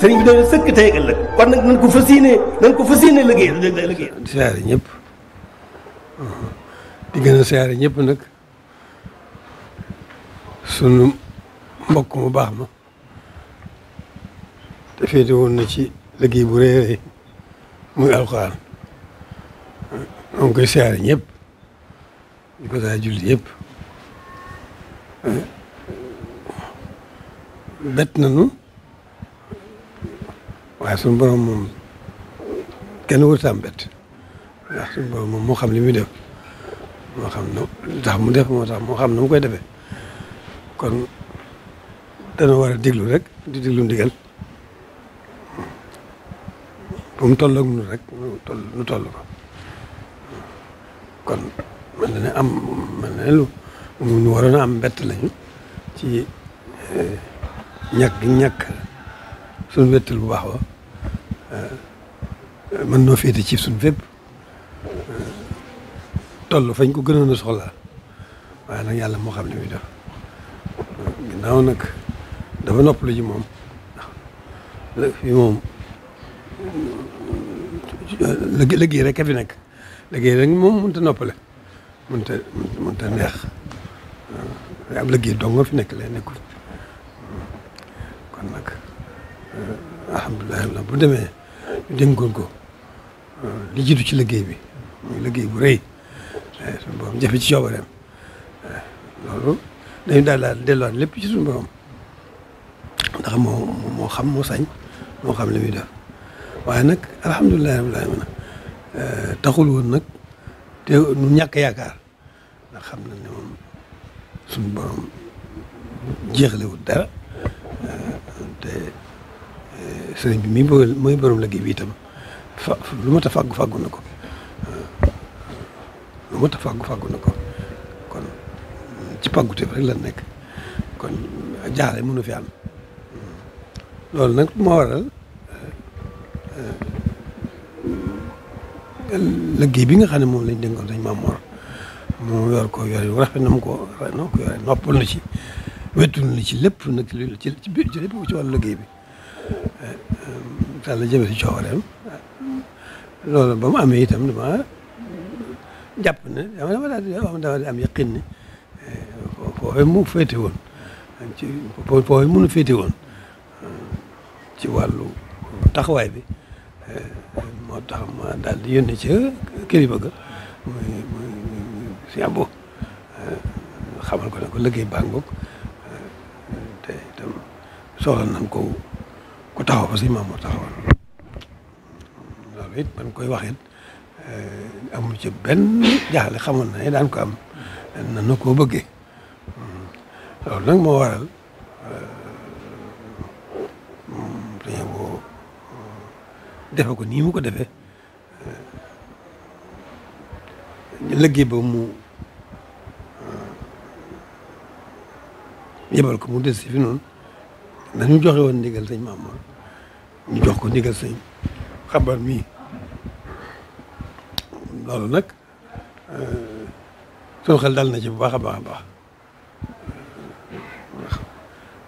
sëriñ bi daal sëkk tey ëllëg kon nag ko fas yéenee nañ ko fas yéenee liggéey liggéey. di ñëpp di gën a siyaare ñëpp nag sunu mbokk mu baax ma te féete woon na ci liggéey bu rëy rëy muy alxuraan ñoo ngi koy siyaare ñëpp di ko saa julli yëpp bett nañu. waaye suñu borom moom kenn wër sa mbett ndax suñu borom moom moo xam li muy def moo xam na tax mu def moo tax moo xam na mu koy defee kon dana war a diglu rek di diglu ndigal bu mu toll ak nu rek nu toll nu toll ko kon man na ne am man na ne lu nu waroon a am mbett lañu ci eh, ñàkk gi ñàkk suñu wettal bu baax ba Euh, man noo féete ci suñ fépp euh, toll fañ ko gënoon a soxlaa waaye nag yàlla moo xam ne muy def ginnaaw nag dafa noppalu ji moom ndax fi moom liggéey rek a fi nekk liggéey rek moom mënut a noppale mënut a mënut a neex waaye am liggéey dong nga fi nekk lay nekkul kon nag. Euh, alhamdulilah bu demee ñu dénkoon ko li ci liggéey bi muy liggéey bu rëy eh, suñu ci coobareem eh, loolu dañu daal daal delluwaat lépp ci suñu borom ndax moo moo xam moo sañ moo xam li muy def waaye nag alhamdulilah rabbil alamin eh, taxul woon nag te nu ñàkk yaakaar ndax xam na ne moom suñu borom jeexlewul dara sëriñ bi mi boole mooy borom liggéey bi itam lu mat a fàggu fàggu na ko lu mat a fàggu fàggu ko kon ci rek la nekk kon jaare mënu fi am loolu nag moo waral eh, liggéey bi nga xam ne moom lañ dénkoon sëñ Maam Mor moom yor ko yore wu rafet na mu ko noo ko yore noppal na ci wettul na ci lépp nag ci ci lépp ci wàllu liggéey bi Talla jëme si coobareem loolu ba mu amee itam dama jàpp ne dama dama daal di dama daal am yaqin ne eh, foofee mu féete woon ci foofee mu nu féete woon ci wàllu taxawaay bi eh, moo tax ma daal di yónni ca kër yi bëgg muy muy si àbbo eh, xamal ko ne ko liggéey baa ngoog te itam soxla nañ ko. ku taxaw fa suñu maam moo taxawoon loolu it ban koy wax it eh, amul ci benn jaaxle xamoon na ne daan ko am na na koo bëggee loolu nag moo waral boo eh, defe ko nii mu ko defe eh, liggéey ba mu yebal ko mu des si fi noonu dañu joxe woon ndigal sëñ Mamour ñu ko ndigal sëñ xabar mii loolu nag eh, sunu xel dal na ci bu baax a baax a baax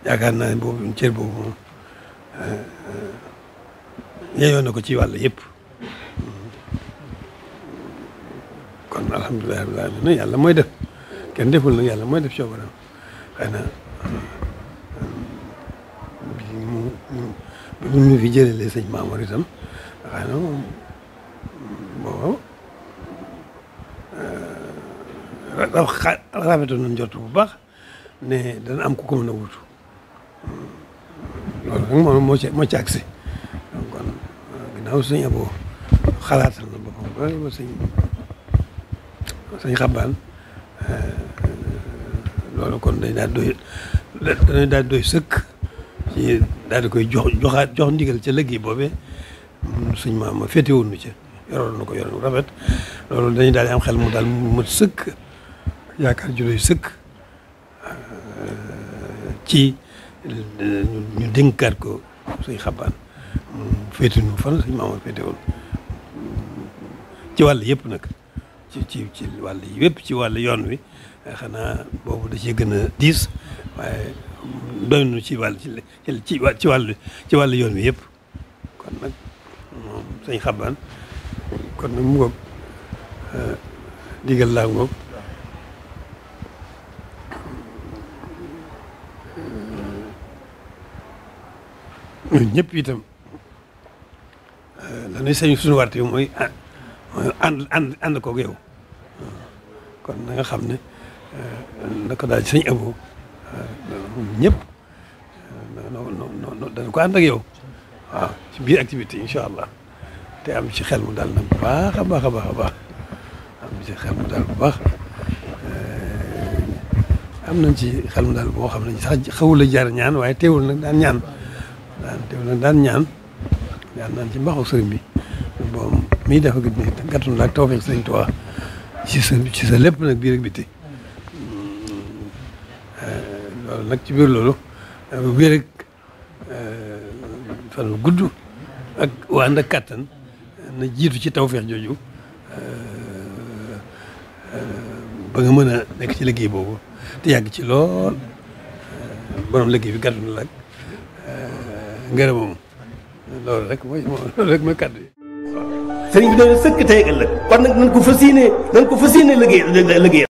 yaakaar naa ne boobu cër boobu moom eh, eh, yeyoon na ko ci wàll yëpp kon alhamdulilah rabbil alamin yàlla mooy def kenn deful nag yàlla mooy def coobaram xëy na bi mu fi jëlee sëñ Maamoor itam xanaa moom booba rafetoon nañ jot bu baax ne dana am ku ko wutu loolu nag moo moo ci moo ci agsi kon ginnaaw sëñ Abo xalaatal na boppam ba sëñ sëñ xabaan loolu kon dañ daal daal doy sëkk ci daal di koy jox joxaat jox ndigal ca lëggéey boobee suñ ma féete woon nu ca yoroon na ko yoroon rafet loolu dañu daal di am xel mu daal mu sëkk yaakaar ju sëkk euh, ci ñu dénkaat ko suñ xabaan féete fan suñ ci wàll yëpp nag ci ci wàll yëpp ci wàll yoon wi xanaa boobu da cee gën a diis waaye doy nu ci wàll ci wàll wàllu yoon mi yëpp kon nag moom sañ xabaan kon nag mu ngoog eh, digal laa ngoog eh, ñun ñëpp itam dañuy eh, sañ suñu warte mooy ah, ànd ànd koog yow kon na nga xam ne naka daal sañ aboo ñëpp dañu ko ànd ak yow waaw ci biir activité incha allah te am ci xel mu daal nag a baax a baax a baax am ci xel eh, am nañ ci xel daal boo xam ne sax xawul la jar ñaan waaye teewul nag daan ñaan daan teewul daan ñaan naan ci mbaxu sëriñ bi boo miy dafa gis ne gàttu na ak tawfeex sëriñ Tuubaa ci sa ci sa lépp nag biir biti loolu nag ci biir loolu wér ak fan gudd ak waan ak na jiitu ci tawfeex jooju ba nga mën a nekk ci liggéey boobu te yàgg ci lool borom liggéey bi gàttu na la ak loolu rek mooy loolu yi. sëriñ sëkk tey ëllëg kon nag nañ ko fas yéenee nañ ko fas yéenee liggéey